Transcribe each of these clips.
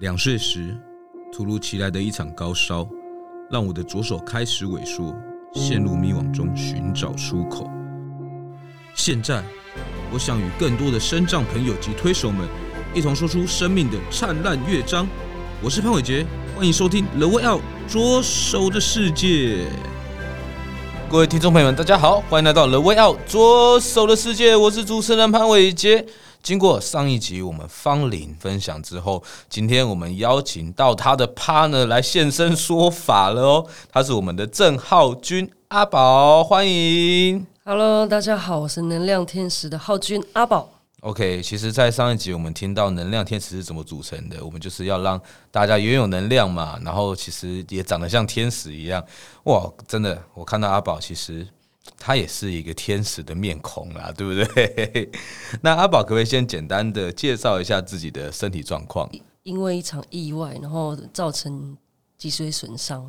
兩歲時，突如其來的一場高燒，讓我的左手開始萎縮，陷入迷惘中尋找出口。現在，我想與更多的身障朋友及推手們，一同說出生命的燦爛樂章。我是潘瑋杰，歡迎收聽《The Way Out：左手的視界》。各位聽眾朋友們，大家好，歡迎來到《The Way Out：左手的視界》，我是主持人潘瑋杰。經過上一集我們方羚分享之後，今天我們邀請到他的 partner 來現身說法了哦，他是我們的鄭浩君阿寶，歡迎。Hello，大家好，我是能量天使的浩君阿寶。OK，其實，在上一集我們聽到能量天使是怎麼組成的，我們就是要讓大家擁有能量嘛，然後其實也長得像天使一樣。哇，真的，我看到阿寶其實。他也是一個天使的面孔啦，對不對？那阿寶，可不可以先簡單的介紹一下自己的身體狀況？因為一場意外，然後造成脊髓損傷，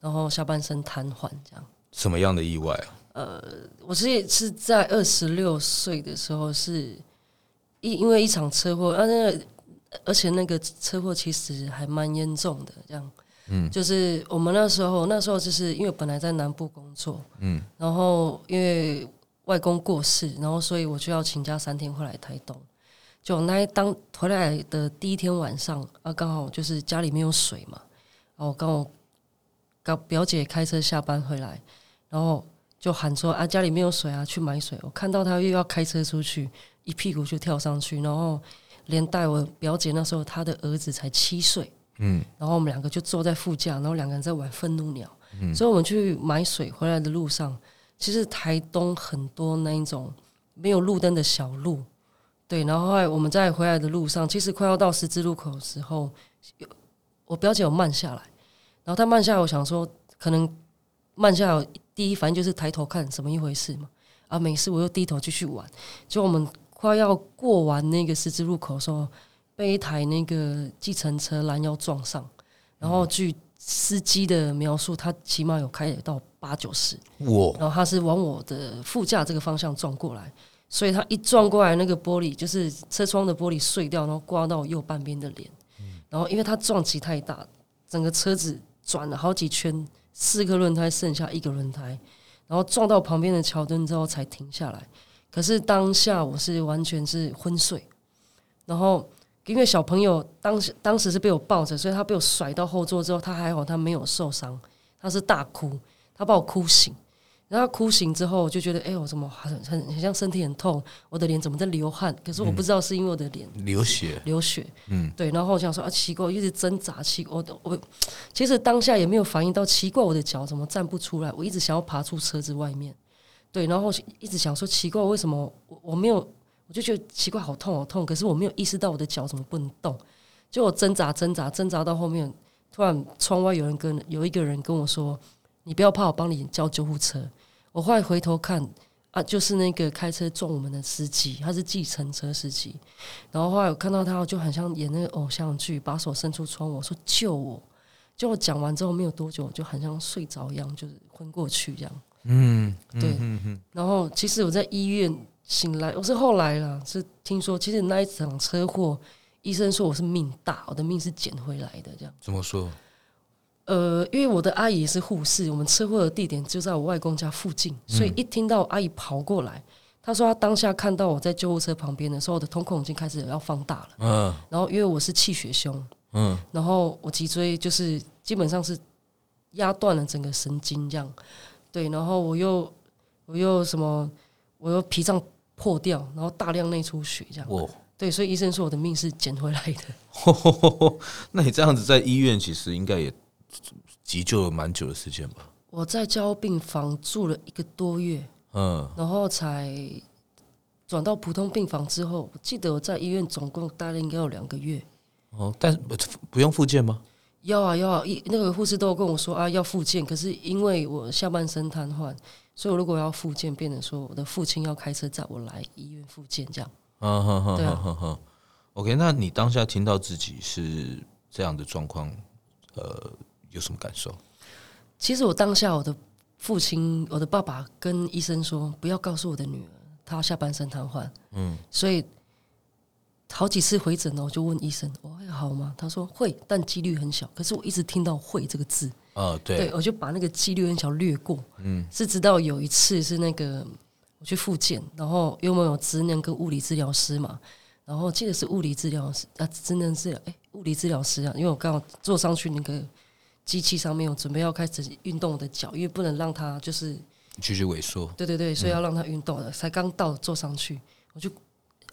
然後下半身癱瘓，這樣。什麼樣的意外啊？呃，我是是在二十六歲的時候，是因因為一場車禍，而且，啊那個，而且那個車禍其實還蠻嚴重的，這樣。嗯，就是我們那時候，那時候就是因為本來在南部工作，嗯，然後因為外公過世，然後所以我就要請假三天回來台東。就那一當回來的第一天晚上，啊，剛好就是家裡面沒有水嘛，然後剛好跟表姐開車下班回來，然後就喊說啊，家裡沒有水啊，去買水。我看到她又要開車出去，一屁股就跳上去，然後連帶我表姐那時候她的兒子才七歲。嗯，然後我們兩個就坐在副駕，然後兩個人在玩憤怒鳥。嗯，所以我們去買水回來的路上，其實台東很多那一種沒有路燈的小路，對。然後後來我們在回來的路上，其實快要到十字路口的時候，我表姐有慢下來，然後她慢下來，我想說可能慢下來第一反應就是抬頭看什麼一回事嘛。啊，沒事，我又低頭繼續玩。就我們快要過完那個十字路口的時候，被一台那個計程車攔腰撞上，然後據司機的描述，他起碼有開到八九十，然後他是往我的副駕這個方向撞過來，所以他一撞過來，那個玻璃就是車窗的玻璃碎掉，然後颳到我右半邊的臉，然後因為他撞擊太大，整個車子轉了好幾圈，四個輪胎剩下一個輪胎，然後撞到旁邊的橋墩之後才停下來。可是當下我是完全是昏睡，然後。因為小朋友當時當時是被我抱着，所以他被我甩到後座之後，他還好，他沒有受傷，他是大哭，他把我哭醒，然後他哭醒之後，我就覺得，哎、欸，我怎麼很很很像身體很痛，我的臉怎麼在流汗？可是我不知道是因為我的臉流血，流血，嗯，對，然後我想說啊，奇怪，我一直掙扎，奇怪，我我其實當下也沒有反應到奇怪，我的腳怎麼站不出來？我一直想要爬出車子外面，對，然後一直想說奇怪，為什麼我我沒有？我就覺得奇怪，好痛，好痛！可是我沒有意識到我的腳怎麼不能動，就我掙扎、掙扎、掙扎到後面，突然窗外有人跟有一個人跟我說：“你不要怕，我幫你叫救護車。”我後來回頭看啊，就是那個開車撞我們的司機，他是計程車司機。然後後來我看到他，就很像演那個偶像劇，把手伸出窗外我說：“救我！”就我講完之後，沒有多久，就很像睡着一樣，就是昏過去這樣。嗯，對。嗯、哼哼，然後其實我在醫院。醒來，我是後來了，是聽說。其實那一場車禍，醫生說我是命大，我的命是撿回來的。這樣怎麼說？呃，因為我的阿姨是護士，我們車禍的地點就在我外公家附近，嗯、所以一聽到阿姨跑過來，她說她當下看到我在救護車旁邊的時候，我的瞳孔已經開始要放大了。嗯、啊，然後因為我是氣血胸，嗯，然後我脊椎就是基本上是壓斷了整個神經，這樣對，然後我又我又什麼，我又脾臟。破掉，然後大量內出血這樣。對，所以醫生說我的命是撿回來的。那你這樣子在醫院其實應該也急救了蠻久的時間吧？我在加護病房住了一個多月，嗯，然後才轉到普通病房之後，我記得我在醫院總共待了應該有兩個月。哦，但不不用復健嗎？要啊要啊。那個護士都跟我說啊要復健，可是因為我下半身癱瘓。所以，我如果要復健，變成說我的父親要開車載我來醫院復健，這樣。嗯嗯嗯嗯嗯嗯。OK，那你當下聽到自己是這樣的狀況，呃，有什麼感受？其實我當下，我的父親，我的爸爸跟醫生說，不要告訴我的女兒，她下半身癱瘓。嗯。所以。好幾次回診了，我就問醫生：“我會好嗎？”他說：“會，但機率很小。”可是我一直聽到“會”這個字，哦，對，對，我就把那個機率很小略過。嗯，是直到有一次是那個我去復健，然後因為我有職能跟物理治療師嘛，然後記得是物理治療師啊，真的是哎，物理治療師啊，因為我剛好坐上去那個機器上面，我準備要開始運動我的腳，因為不能讓它就是繼續萎縮。對對對，所以要讓它運動了。嗯、才剛到坐上去，我就。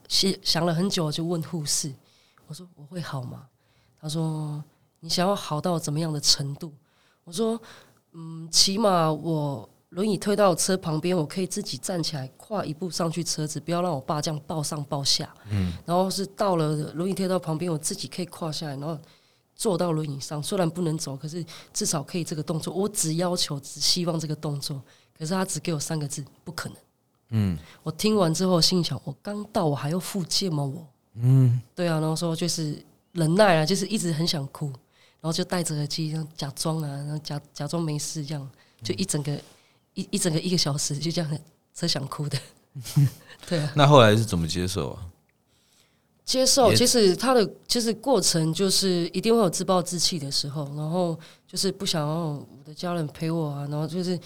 想了很久，我就問護士：“我說我會好嗎？”他說：“你想要好到怎麼樣的程度？”我說：“嗯，起碼我輪椅推到車旁邊，我可以自己站起來，跨一步上去車子，不要讓我爸這樣抱上抱下。”嗯，然後是到了輪椅推到旁邊，我自己可以跨下來，然後坐到輪椅上。雖然不能走，可是至少可以這個動作。我只要求，只希望這個動作。可是他只給我三個字：“不可能。”嗯，我聽完之後心想：我剛到，我還要復健嗎？我嗯，對啊，然後說就是忍耐啊，就是一直很想哭，然後就戴着耳機，假裝啊，然後假假裝沒事這樣，就一整個、嗯、一一整個一個小時，就這樣很想哭的。對啊。 那後來是怎麼接受啊？接受，也 其實他的就是過程，就是一定會有自暴自棄的時候，然後就是不想讓我的家人陪我啊，然後就是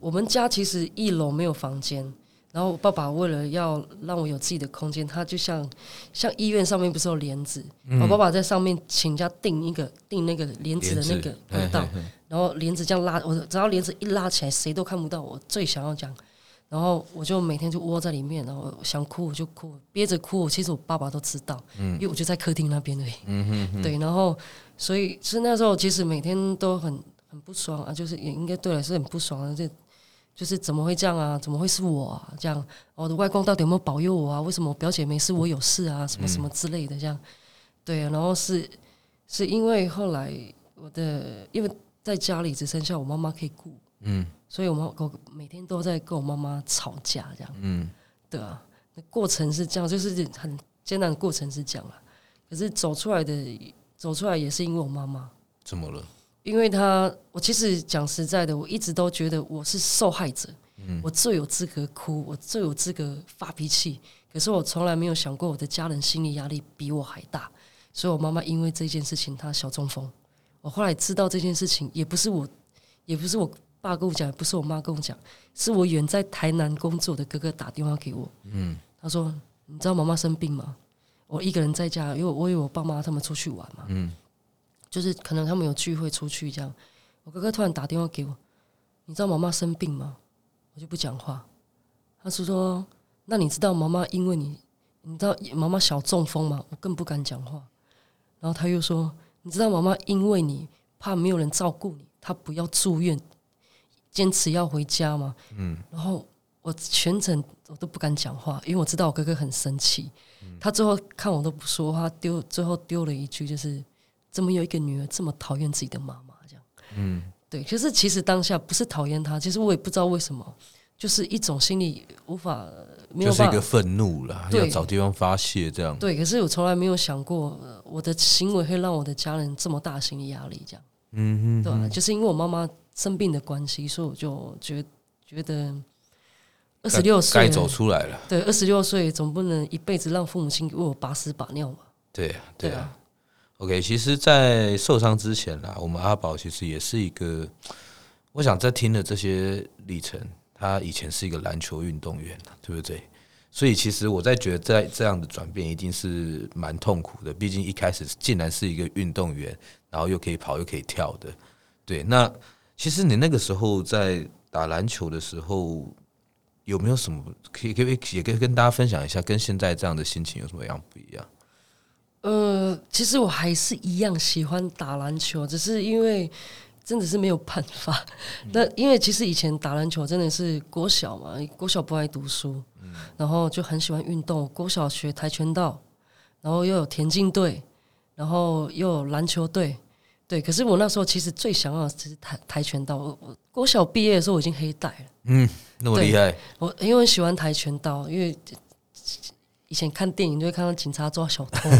我們家其實一樓沒有房間。然後我爸爸為了要讓我有自己的空間，他就像像醫院上面不是有簾子，我、嗯、爸爸在上面請人家訂一個訂那個簾子的那個通道，嘿嘿嘿然後簾子這樣拉，我只要簾子一拉起來，誰都看不到我。我最想要講，然後我就每天就窩在裡面，然後想哭我就哭，憋着哭，其實我爸爸都知道，嗯、因為我就在客廳那邊對、嗯、哼哼對，然後所以是那時候其實每天都很很不爽啊，就是也應該對我來說很不爽啊這。就是怎麼會這樣啊？怎麼會是我啊，這樣？我的外公到底有沒有保佑我啊？為什麼我表姐沒事，我有事啊？什麼什麼之類的這樣。嗯、對，然後是是因為後來我的因為在家裡只剩下我媽媽可以顧，嗯，所以我們我每天都在跟我媽媽吵架這樣，嗯，對啊，那過程是這樣，就是很艱難的過程是這樣啊。可是走出來的走出來也是因為我媽媽。怎麼了？因為他，我其實講實在的，我一直都覺得我是受害者，嗯、我最有資格哭，我最有資格發脾氣。可是我從來沒有想過，我的家人心理壓力比我還大。所以，我媽媽因為這件事情，她小中風。我後來知道這件事情，也不是我，也不是我爸跟我講，也不是我媽跟我講，是我遠在台南工作的哥哥打電話給我。嗯，他說：“你知道媽媽生病嗎？我一個人在家，因為我有我爸媽他們出去玩嘛。”嗯。就是可能他們有聚會出去這樣，我哥哥突然打電話給我，你知道媽媽生病嗎？我就不講話。他是說，說，那你知道媽媽因為你，你知道媽媽小中風嘛？我更不敢講話。然後他又說，你知道媽媽因為你怕沒有人照顧你，她不要住院，堅持要回家嘛？嗯。然後我全程我都不敢講話，因為我知道我哥哥很生氣。他最後看我都不說話，丟最後丟了一句就是。怎麼有一個女兒這麼討厭自己的媽媽這樣？嗯，對。可是、就是其實當下不是討厭她，其實我也不知道為什麼，就是一種心理無法，沒有辦法就是一個憤怒了，對要找地方發洩這樣。對，可是我從來沒有想過，我的行為會讓我的家人這麼大的心理壓力這樣。嗯哼、哼，對啊，就是因為我媽媽生病的關係，所以我就覺覺得二十六歲該走出來了。對，二十六歲總不能一輩子讓父母親為我把屎把尿嘛。對啊，對啊。OK，其實，在受傷之前呢，我們阿寶其實也是一個，我想在聽的這些歷程，他以前是一個籃球運動員，對不對？所以，其實我在覺得，在這樣的轉變一定是蠻痛苦的，畢竟一開始竟然是一個運動員，然後又可以跑又可以跳的。對，那其實你那個時候在打籃球的時候，有沒有什麼可以可以也可以跟跟大家分享一下，跟現在這樣的心情有什麼樣不一樣？呃，其實我還是一樣喜歡打籃球，只是因為真的是沒有辦法。那、嗯、因為其實以前打籃球真的是國小嘛，國小不愛讀書，嗯、然後就很喜歡運動。國小學跆拳道，然後又有田徑隊，然後又有籃球隊，對。可是我那時候其實最想要的是跆跆拳道。我我國小畢業的時候我已經黑帶了，嗯，那麼厲害。我因為我喜歡跆拳道，因為。以前看電影就會看到警察抓小偷，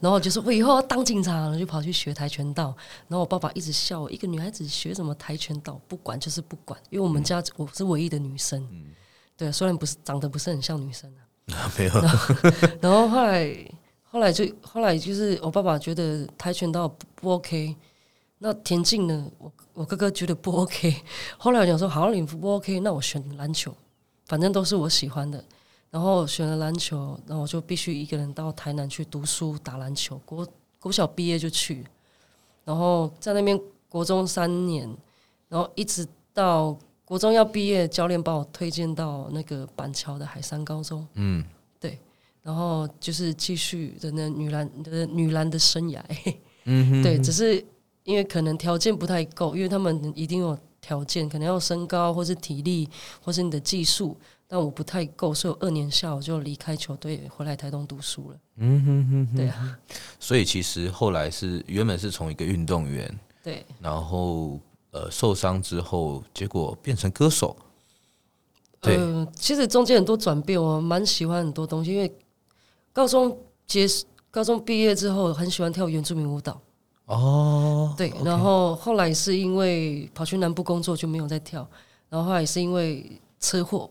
然後就是我以後要當警察了，就跑去學跆拳道。然後我爸爸一直笑我，一個女孩子學什麼跆拳道，不管就是不管。因為我們家我是唯一的女生，對，雖然不是長得不是很像女生啊，沒有。然後後來後來就後來就是我爸爸覺得跆拳道不不 OK，那田徑呢？我我哥哥覺得不 OK。後來我說好像你服不 OK，那我選籃球，反正都是我喜歡的。然後選了籃球，然後我就必須一個人到台南去讀書打籃球。國國小畢業就去，然後在那邊國中三年，然後一直到國中要畢業，教練把我推薦到那個板橋的海山高中。嗯，對，然後就是繼續的那女籃的女籃的生涯。嗯哼哼，對，只是因為可能條件不太夠，因為他們一定有。條件可能要身高，或是體力，或是你的技術，但我不太夠，所以我二年下午就離開球隊，回來台東讀書了。嗯哼哼、哼，對啊。所以其實後來是原本是從一個運動員，對，然後呃受傷之後，結果變成歌手。對，呃，其實中間很多轉變，我蠻喜歡很多東西，因為高中結束，高中畢業之後，很喜歡跳原住民舞蹈。哦，oh, 對，Okay. 然後後來是因為跑去南部工作就沒有再跳，然後後來也是因為車禍，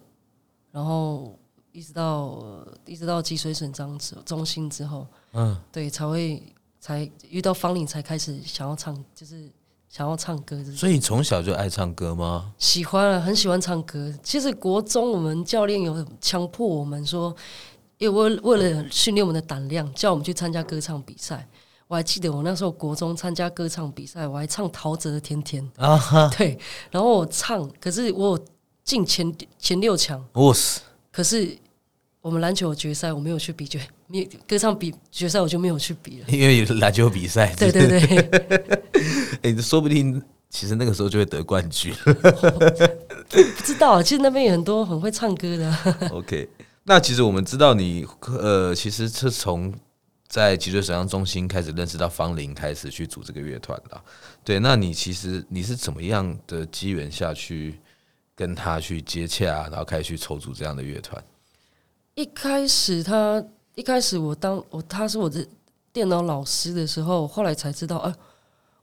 然後一直到、呃、一直到脊髓損傷中心之後，嗯，對，才會才遇到方羚，才開始想要唱，就是想要唱歌。所以你從小就愛唱歌嗎？喜歡啊，很喜歡唱歌。其實國中我們教練有強迫我們說，因為為了訓練我們的膽量，oh. 叫我們去參加歌唱比賽。我還記得我那時候國中參加歌唱比賽，我還唱陶喆的田田《天天、uh》啊、huh.，對，然後我唱，可是我進前前六強，哇、uh huh. 可是我們籃球有決賽，我沒有去比決，歌唱比決賽我就沒有去比了，因為有籃球比賽。就是、對對對，哎、 欸，說不定其實那個時候就會得冠軍， 我不知道。其實那邊有很多很會唱歌的、啊。OK，那其實我們知道你呃，其實是從。在脊髓損傷中心開始認識到方羚，開始去組這個樂團的。對，那你其實你是怎麼樣的機緣下去跟他去接洽、啊，然後開始去籌組這樣的樂團？一開始他一開始我當我他是我的電腦老師的時候，後來才知道，呃、啊，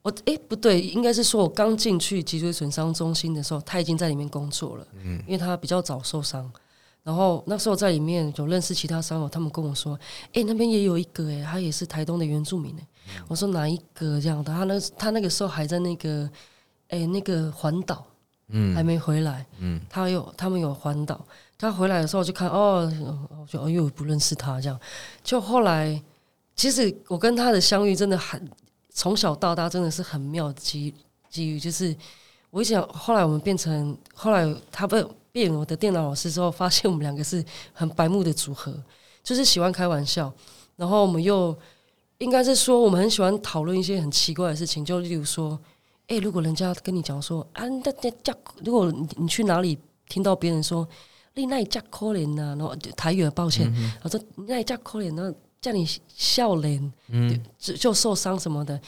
我哎、欸、不對，應該是說我剛進去脊髓損傷中心的時候，他已經在裡面工作了。嗯，因為他比較早受傷。然後那時候在裡面有認識其他傷友他們跟我說：“哎、欸，那邊也有一個哎、欸，他也是台東的原住民呢、欸。嗯、我說：“哪一個這樣的？”他那他那個時候還在那個，哎、欸，那個環島，嗯，還沒回來，嗯，他有他們有環島，他回來的時候就看哦，我就哦又、哎、不認識他這樣。就後來，其實我跟他的相遇真的很從小到大真的是很妙機機遇，就是我一想後來我們變成後來他被。變我的電腦老師之後，發現我們兩個是很白目的組合，就是喜歡開玩笑，然後我們又應該是說我們很喜歡討論一些很奇怪的事情，就例如說，誒，如果人家跟你講說啊，那那叫，如果你你去哪裡聽到別人說，你那裡叫可憐吶，然後就台語很抱歉，我說你那裡叫可憐，那叫你笑臉，就就受傷什麼的，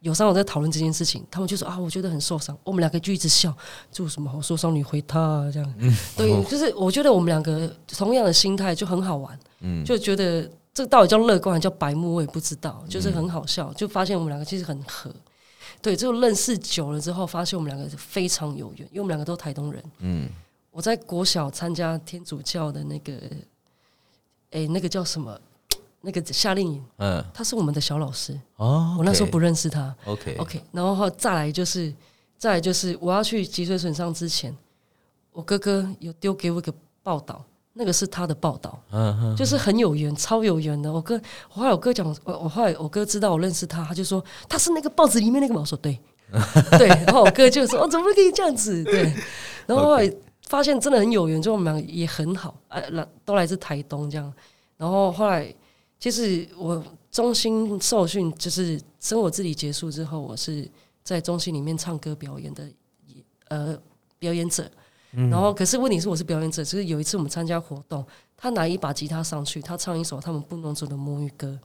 有時候我在討論這件事情，他們就說啊，我覺得很受傷。我們兩個就一直笑，這有什麼好受傷你回他，啊，這樣，嗯、對，就是我覺得我們兩個同樣的心態就很好玩，嗯、就覺得這到底叫樂觀還是叫白目，我也不知道，就是很好笑。嗯、就發現我們兩個其實很合，對，就認識久了之後，發現我們兩個是非常有緣，因為我們兩個都是台東人。嗯，我在國小參加天主教的那個，哎、欸，那個叫什麼？那個夏令營，嗯，他是我們的小老師哦。Okay, 我那時候不認識他，OK OK。然後後來再來就是，再來就是我要去脊髓損傷之前，我哥哥有丟給我一個報道，那個是他的報道、嗯，嗯，就是很有緣，超有緣的。我哥，我後來我哥講我，我後來我哥知道我認識他，他就說他是那個報紙裡面那個嗎？我說對，嗯、對。然後我哥就說 哦，怎麼可以這樣子？對。然後後來發現真的很有緣，就我們兩個也很好，哎、啊，來都來自台東這樣。然後後來。就是我中心受訓，就是生活自理結束之後，我是在中心裡面唱歌表演的，呃，表演者。然後，可是問題是，我是表演者。就是有一次我們參加活動，他拿一把吉他上去，他唱一首他們布農族的母語歌。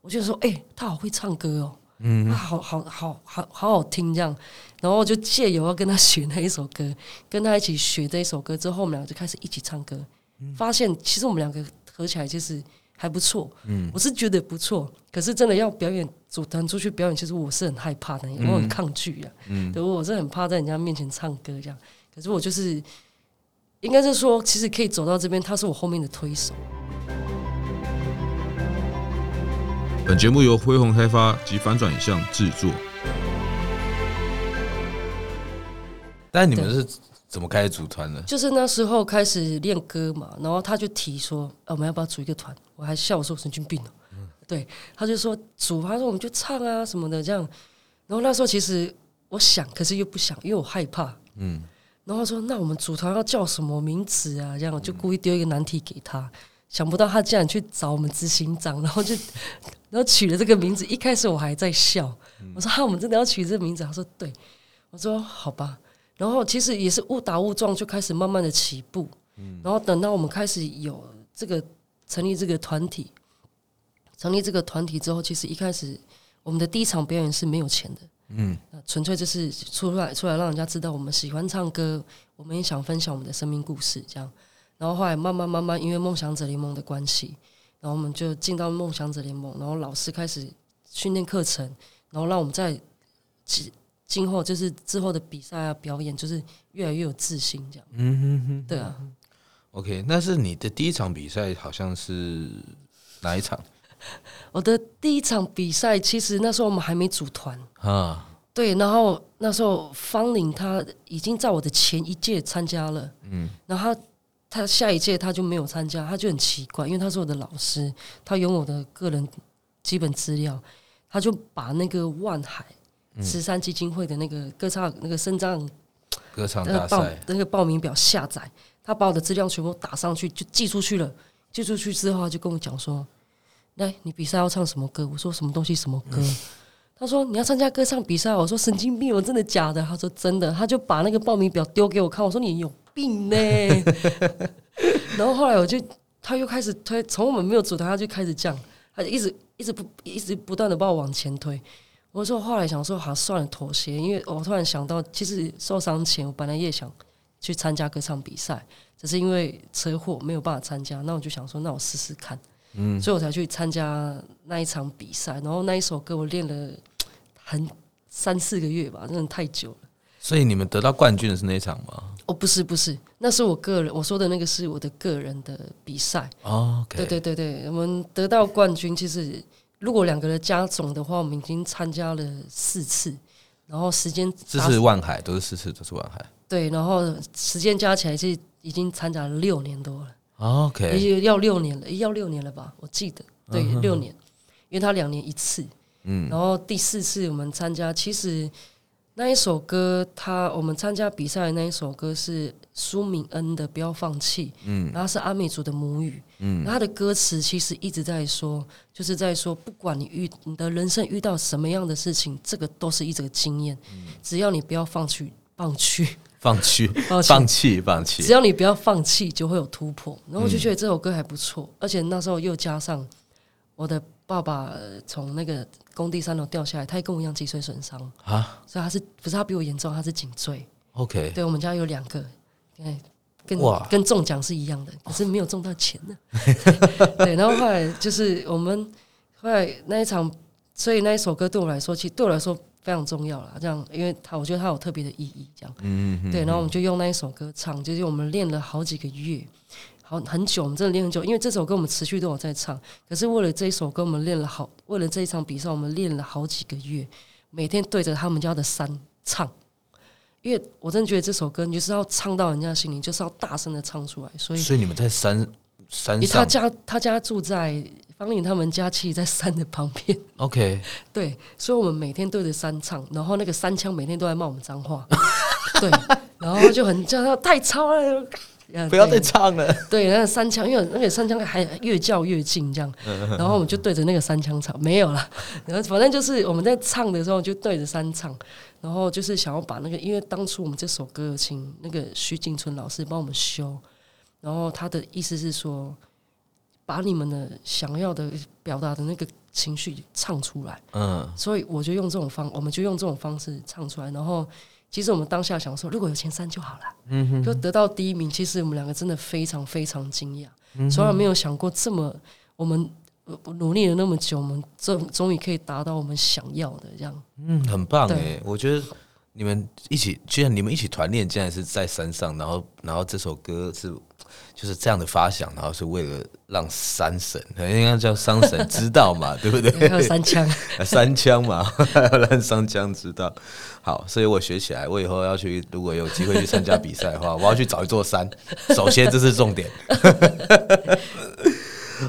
我就說：“哎，他好會唱歌哦，嗯，他好好好好好好聽這樣。”然後我就借由要跟他學那一首歌，跟他一起學這一首歌之後，我們倆就開始一起唱歌。發現其實我們兩個合起來就是。還不錯，嗯，我是覺得不錯。可是真的要表演組團出去表演，其實我是很害怕的，我很抗拒呀，啊嗯，嗯，對，我是很怕在人家面前唱歌這樣。可是我就是，應該是說，其實可以走到這邊，他是我後面的推手。本節目由輝洪開發及翻轉影像製作。對但你們是。怎麼開始組團呢？就是那時候開始練歌嘛，然後他就提說：“呃、啊，我們要不要組一個團？”我還笑我說：“我神經病了。”嗯、對，他就說組，他說我們就唱啊什麼的這樣。然後那時候其實我想，可是又不想，因為我害怕。嗯。然後他說：“那我們組團要叫什麼名字啊？”這樣，我就故意丟一個難題給他。嗯、想不到他竟然去找我們執行長，然後就 然後取了這個名字。一開始我還在笑，嗯、我說：“哈、啊，我們真的要取這個名字？”他說：“對。”我說：“好吧。”然後其實也是誤打誤撞，就開始慢慢的起步，然後等到我們開始有這個成立這個團體，成立這個團體之後，其實一開始我們的第一場表演是沒有錢的，嗯，純粹就是出來出來讓人家知道我們喜歡唱歌，我們也想分享我們的生命故事這樣。然後後來慢慢慢慢因為夢想者聯盟的關係，然後我們就進到夢想者聯盟，然後老師開始訓練課程，然後讓我們在。今後就是之後的比賽啊，表演，就是越來越有自信這樣。嗯嗯嗯，對啊。OK，那是你的第一場比賽，好像是哪一場？我的第一場比賽，其實那時候我們還沒組團啊。對，然後那時候方羚他已經在我的前一屆參加了，嗯，然後他他下一屆他就沒有參加，他就很奇怪，因為他是我的老師，他有我的個人基本資料，他就把那個萬海。慈善基金會的那個歌唱，那個身障歌唱大賽那個報名表下載，他把我的資料全部打上去就寄出去了。寄出去之後，他就跟我講說：“來，你比賽要唱什麼歌？”我說：“什麼東西什麼歌？”他說：“你要參加歌唱比賽。”我說：“神經病！我真的假的？”他說：“真的。”他就把那個報名表丟給我看，我說：“你有病呢、欸！”然後後來我就他又開始推，從我們沒有組團他就開始這樣，他就一直一直不一直不斷的把我往前推。我說，後來想說，好算了，妥協。因為我突然想到，其實受傷前，我本來也想去參加歌唱比賽，只是因為車禍沒有辦法參加。那我就想說，那我試試看。嗯，所以我才去參加那一場比賽。然後那一首歌，我練了很三四個月吧，真的太久了。所以你們得到冠軍的是那場嗎？哦，不是，不是，那是我個人。我說的那個是我的個人的比賽。哦，對對對對，我們得到冠軍其實。如果兩個人加總的話，我們已經參加了四次，然後時間四次萬海都是四次都是萬海。對，然後時間加起來是已經參加了六年多了，OK，要六年了，要六年了吧？我記得，對，uh huh. 六年，因為他兩年一次，然後第四次我們參加，其實。那一首歌，他我們參加比賽的那一首歌是舒米恩的《不要放棄》，嗯，然後是阿美族的母語，嗯，他的歌詞其實一直在說，就是在說，不管你遇你的人生遇到什麼樣的事情，這個都是一則經驗，嗯、只要你不要放棄，放棄，放棄，放棄，放棄，放棄，只要你不要放棄，就會有突破。然後我就覺得這首歌還不錯，嗯、而且那時候又加上我的。爸爸從那個工地三樓掉下來，他也跟我一樣脊髓損傷啊，所以他是不是他比我嚴重？他是頸椎。OK，對，對，我們家有兩個，對跟哇跟中獎是一樣的，可是沒有中到錢呢、啊。對，然後後來就是我們後來那一場，所以那一首歌對我來說，其實對我來說非常重要了。這樣，因為他我覺得他有特別的意義。這樣，嗯，嗯，對，然後我們就用那一首歌唱，就是我們練了好幾個月。好很久，我們真的練很久，因為這首歌我們持續都有在唱。可是為了這一首歌，我們練了好，為了這一場比賽，我們練了好幾個月，每天對着他們家的山唱。因為我真的覺得這首歌，你就是要唱到人家心裡，就是要大聲的唱出來。所以，所以你們在山山，他家他家住在方羚他們家，其實在山的旁邊。OK，對，所以我們每天對着山唱，然後那個山羌每天都在罵我們髒話， 對，然後就很叫他太吵了。不要再唱了對。對，那個山羌。因為那個山羌還越叫越近這樣。 然後我們就對着那個山羌唱，沒有了。然後反正就是我們在唱的時候，就對着山唱。然後就是想要把那個，因為當初我們這首歌請那個徐靜春老師幫我們修，然後他的意思是說，把你們的想要的表達的那個情緒唱出來。嗯。所以我就用這種方，我們就用這種方式唱出來。然後。其實我們當下想說，如果有前三就好了。嗯哼，就得到第一名。其實我們兩個真的非常非常驚訝，從、嗯、哼來沒有想過這麼我們努力了那麼久，我們終終於可以達到我們想要的這樣。嗯哼，對很棒哎、欸！我覺得你們一起，既然你們一起團練，竟然是在山上，然後然後這首歌是。就是這樣的發想，然後是為了讓山神，應該叫山神知道嘛， 對不對？有三槍， 三槍腔嘛， 要讓三槍知道。好，所以我學起來，我以後要去，如果有機會去參加比賽的話， 我要去找一座山。首先，這是重點。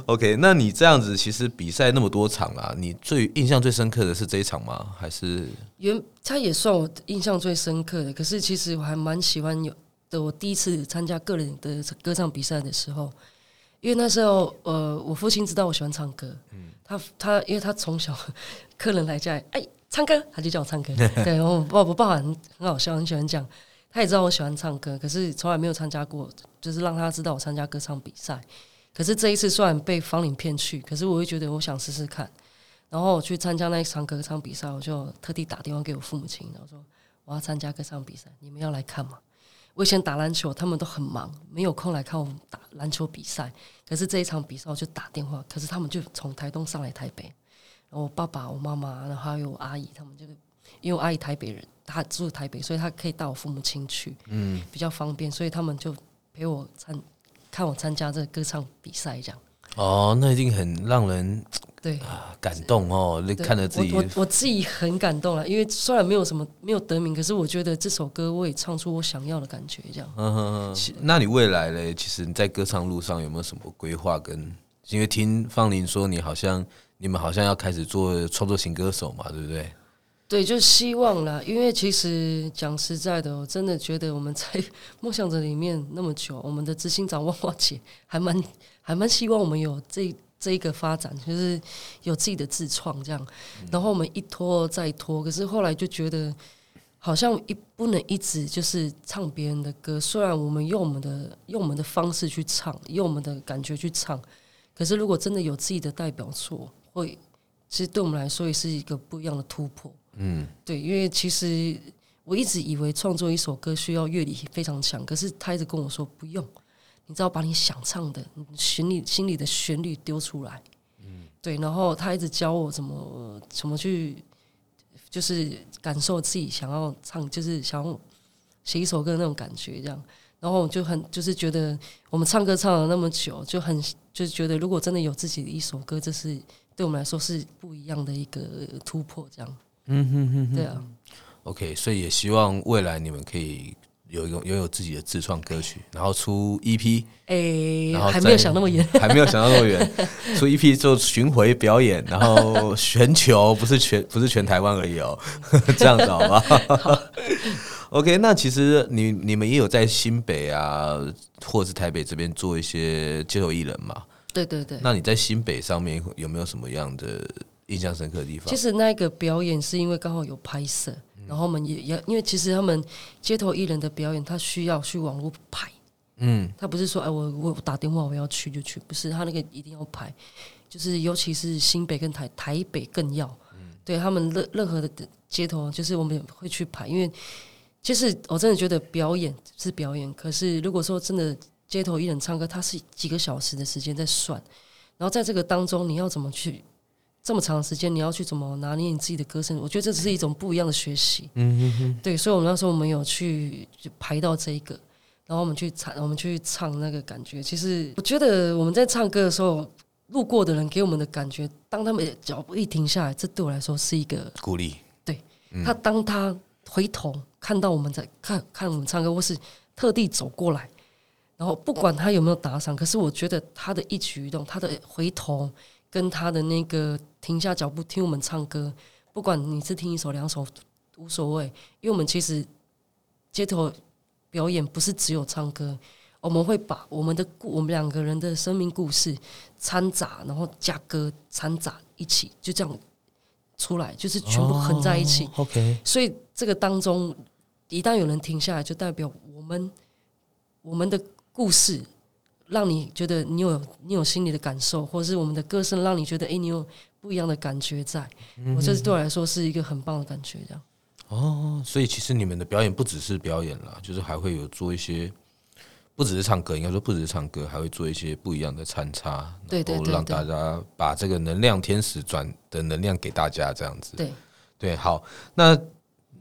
OK，那你這樣子，其實比賽那麼多場啊，你最印象最深刻的是這一場嗎？還是原他也算我印象最深刻的，可是其實我還蠻喜歡有。對，我第一次參加個人的歌唱比賽的時候，因為那時候，呃，我父親知道我喜歡唱歌他，他他，因為他從小客人來家，哎，唱歌，他就叫我唱歌。對。對我爸，我不爸不很很好笑，很喜歡講。他也知道我喜歡唱歌，可是從來沒有參加過，就是讓他知道我參加歌唱比賽。可是這一次雖然被方羚騙去，可是我會覺得我想試試看。然後我去參加那一場歌唱比賽，我就特地打電話給我父母親，然後說我要參加歌唱比賽，你們要來看嗎？我以前打籃球，他們都很忙，沒有空來看我們打籃球比賽。可是這一場比賽，我就打電話，可是他們就從台東上來台北。然後我爸爸、我媽媽，然後還有我阿姨，他們就是，因為我阿姨台北人，她住台北，所以她可以帶我父母親去，嗯，比較方便，所以他們就陪我參，看我參加這個歌唱比賽這樣。哦，那一定很讓人。對啊，感動哦、喔！那看了自己我，我我自己很感動了，因為雖然沒有什麼沒有得名，可是我覺得這首歌我也唱出我想要的感覺。這樣，嗯哼，那你未來呢？其實你在歌唱路上有沒有什麼規劃？跟因為聽方羚說，你好像你們好像要開始做創作型歌手嘛，對不對？對，就希望啦。因為其實講實在的，我真的覺得我們在夢想者裡面那麼久，我們的執行長萬花姐還蠻還蠻希望我們有這。這一個發展就是有自己的自創這樣，嗯、然後我們一拖再拖，可是後來就覺得好像一不能一直就是唱別人的歌，雖然我們用我們的用我們的方式去唱，用我們的感覺去唱，可是如果真的有自己的代表作，會其實對我們來說也是一個不一樣的突破。嗯，對，因為其實我一直以為創作一首歌需要樂理非常強，可是他一直跟我說不用。你知道把你想唱的旋律、心裡的旋律丟出來，嗯，對，然後他一直教我怎麼怎麼去，就是感受自己想要唱，就是想寫一首歌那種感覺，這樣。然後就很就是覺得我們唱歌唱了那麼久，就很就是覺得如果真的有自己的一首歌，這、就是對我們來說是不一樣的一個突破，這樣。嗯哼哼哼哼，對啊。OK，所以也希望未來你們可以。有有擁有自己的自創歌曲，然後出 EP，哎、欸，然後還沒有想那麼遠，還沒有想到那麼遠， 出 EP 做巡迴表演，然後全球不是全不是全台灣而已哦， 這樣子好嗎？OK，那其實你你們也有在新北啊，或是台北這邊做一些街頭藝人嘛？對對對，那你在新北上面有沒有什麼樣的？印象深刻的地方，其實那一個表演是因為剛好有拍攝，嗯、然後我們也也因為其實他們街頭藝人的表演，他需要去網絡排，嗯，他不是說哎，我我打電話我要去就去，不是，他那個一定要排，就是尤其是新北跟台台北更要，嗯、對他們任任何的街頭，就是我們也會去排，因為其實我真的覺得表演是表演，可是如果說真的街頭藝人唱歌，他是幾個小時的時間在算，然後在這個當中你要怎麼去？這麼長時間，你要去怎麼拿捏你自己的歌聲？我覺得這只是一種不一樣的學習。嗯哼哼。嗯嗯嗯。對，所以我們那時候沒有去排到這一個，然後我們去唱，我們去唱那個感覺。其實我覺得我們在唱歌的時候，路過的人給我們的感覺，當他們的腳步一停下來，這對我來說是一個鼓勵。對，他當他回頭看到我們在看看我們唱歌，或是特地走過來，然後不管他有沒有打賞，可是我覺得他的一舉一動，他的回頭。跟他的那個停下腳步聽我們唱歌，不管你是聽一首兩首無所謂，因為我們其實街頭表演不是只有唱歌，我們會把我們的故，我們兩個人的生命故事摻雜，然後加歌摻雜一起，就這樣出來，就是全部橫在一起。Oh, OK，所以這個當中一旦有人停下來，就代表我們我們的故事。讓你覺得你有你有心裡的感受，或者是我們的歌聲讓你覺得哎、欸，你有不一樣的感覺在，在、嗯、哼我這是對我來說是一個很棒的感覺，這樣。哦，所以其實你們的表演不只是表演啦，就是還會有做一些，不只是唱歌，應該說不只是唱歌，還會做一些不一樣的穿插，對對，對對對，讓大家把這個能量天使轉的能量給大家，這樣子。對對，好，那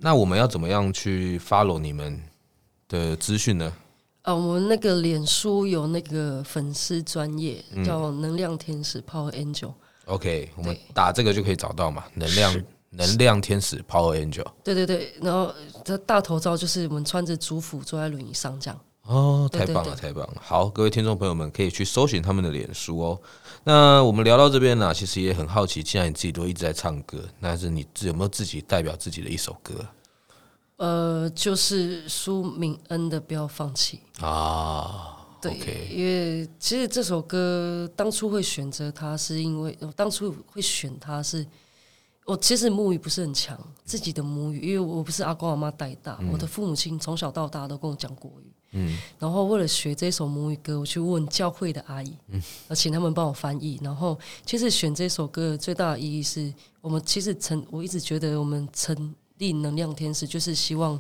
那我們要怎麼樣去 follow 你們的資訊呢？哦、啊，我們那個臉書有那個粉絲專頁，叫能量天使 Power Angel。OK，我們打這個就可以找到嘛，能量是能量天使 Power Angel。對對對，然後這大頭照就是我們穿着主服坐在輪椅上這樣。哦，太棒了，對對對，太棒了！好，各位聽眾朋友們可以去搜尋他們的臉書哦。那我們聊到這邊呢，其實也很好奇，既然你自己都一直在唱歌，那是你有沒有自己代表自己的一首歌？呃，就是舒米恩的《不要放棄》啊，對，Okay. 因為其實這首歌當初會選擇它，是因為我當初會選它是，是我其實母語不是很強，自己的母語，因為我不是阿公阿媽帶大，大，嗯、我的父母親從小到大都跟我講國語，嗯，然後為了學這首母語歌，我去問教會的阿姨，嗯，而請他們幫我翻譯，然後其實選這首歌最大的意義是我們其實曾我一直覺得我們曾。立能量天使就是希望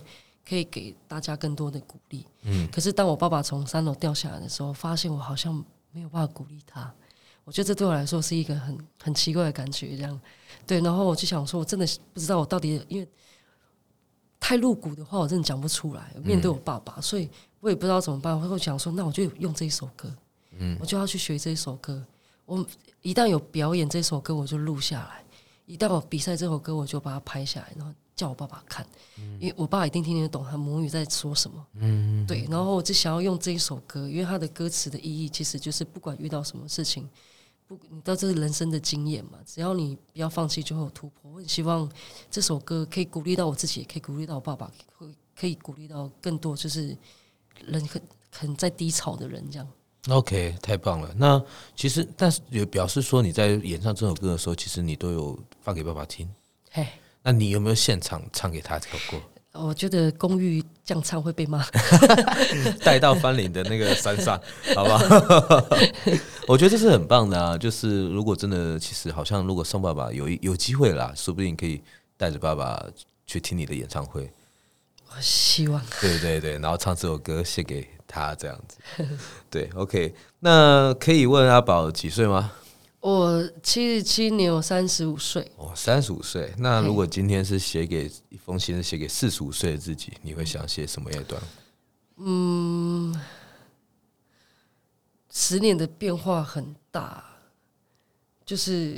可以給大家更多的鼓勵。嗯。可是當我爸爸從三樓掉下來的時候，發現我好像沒有辦法鼓勵他。我覺得這對我來說是一個很很奇怪的感覺，這樣。對。然後我就想說，我真的不知道我到底因為太露骨的話，我真的講不出來面對我爸爸，嗯、所以我也不知道怎麼辦。我會想說，那我就用這一首歌。嗯。我就要去學這一首歌。我一旦有表演這首歌，我就錄下來；一旦有比賽這首歌，我就把它拍下來，然後。叫我爸爸看，嗯、因為我爸一定聽得懂他母語在說什麼。嗯，對。然後我就想要用這一首歌，因為他的歌詞的意義其實就是不管遇到什麼事情，不，你知道這是人生的經驗嘛？只要你不要放棄，就會有突破。我很希望這首歌可以鼓勵到我自己，也可以鼓勵到我爸爸，可以,可以鼓勵到更多就是人很很在低潮的人。這樣。OK，太棒了。那其實，但是也表示說你在演唱這首歌的時候，其實你都有發給爸爸聽。嘿。Hey, 那、啊、你有沒有現場唱給他聽過？我覺得公寓這樣唱會被罵。帶到翻領的那個山上， 好吧？ 我覺得這是很棒的啊！就是如果真的，其實好像如果宋爸爸有有機會啦，說不定可以帶着爸爸去聽你的演唱會。我希望。對對對，然後唱這首歌獻給他這樣子。對，OK，那可以問阿寶幾歲嗎？我七十七年，我三十五歲。哦，三十五歲。那如果今天是寫給一封信，是寫給四十五歲的自己，你會想寫什麼樣的一段？嗯，十年的變化很大，就是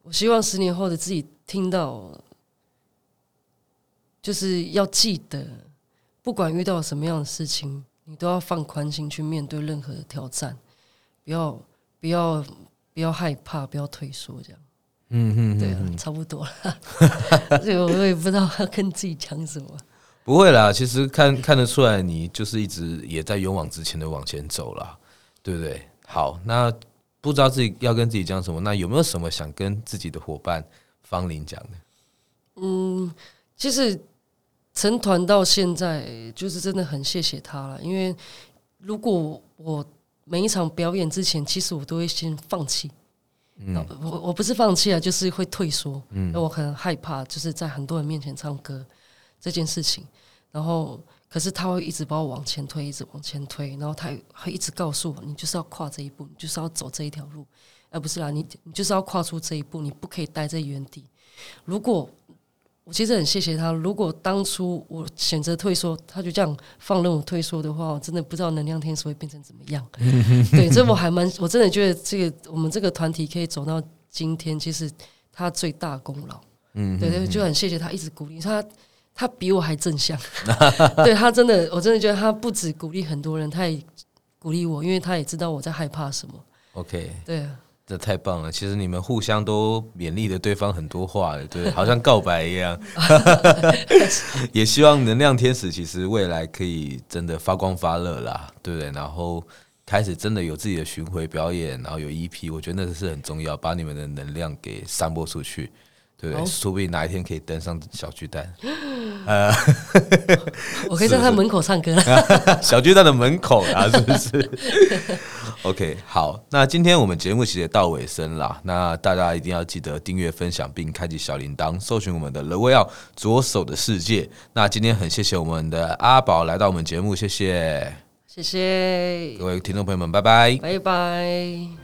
我希望十年後的自己聽到，就是要記得，不管遇到什麼樣的事情，你都要放寬心去面對任何的挑戰，不要不要。不要害怕，不要退縮，這樣。嗯嗯，對啊，差不多了。這 個我也不知道要跟自己講什麼。 不會啦，其實看看得出來，你就是一直也在勇往直前的往前走了，對不對？好，那不知道自己要跟自己講什麼？那有沒有什麼想跟自己的夥伴方羚講的？嗯，其實成團到現在，就是真的很謝謝他了，因為如果我。每一場表演之前，其實我都會先放棄。嗯，我我不是放棄啊，就是會退縮。嗯，那我很害怕就是在很多人面前唱歌這件事情。然後，可是他會一直把我往前推，一直往前推。然後，他還會一直告訴我：“你就是要跨這一步，你就是要走這一條路。”而不是啦，你你就是要跨出這一步，你不可以待在原地。如果我其實很謝謝他。如果當初我選擇退縮，他就這樣放任我退縮的話，我真的不知道能量天使會變成怎麼樣。對，這我還蠻，我真的覺得這個我們這個團體可以走到今天，其實他最大功勞。嗯，對對，就很謝謝他一直鼓勵他，他比我還正向對。對他真的，我真的覺得他不止鼓勵很多人，他也鼓勵我，因為他也知道我在害怕什麼。OK，對。這太棒了！其實你們互相都勉勵了對方很多話，對，對，好像告白一樣。 也希望能量天使其實未來可以真的發光發熱啦，對不對？然後開始真的有自己的巡迴表演，然後有 EP，我覺得那是很重要，把你們的能量給散播出去，對不對？好說不定哪一天可以登上小巨蛋。 我可以在他門口唱歌，小巨蛋的門口啊， 是不是？ OK，好，那今天我們節目其實也到尾聲了，那大家一定要記得訂閱、分享並開啟小鈴鐺，搜尋我們的「The Way Out 左手的視界”。那今天很謝謝我們的阿寶來到我們節目，謝謝，謝謝各位聽眾朋友們，拜拜，拜拜。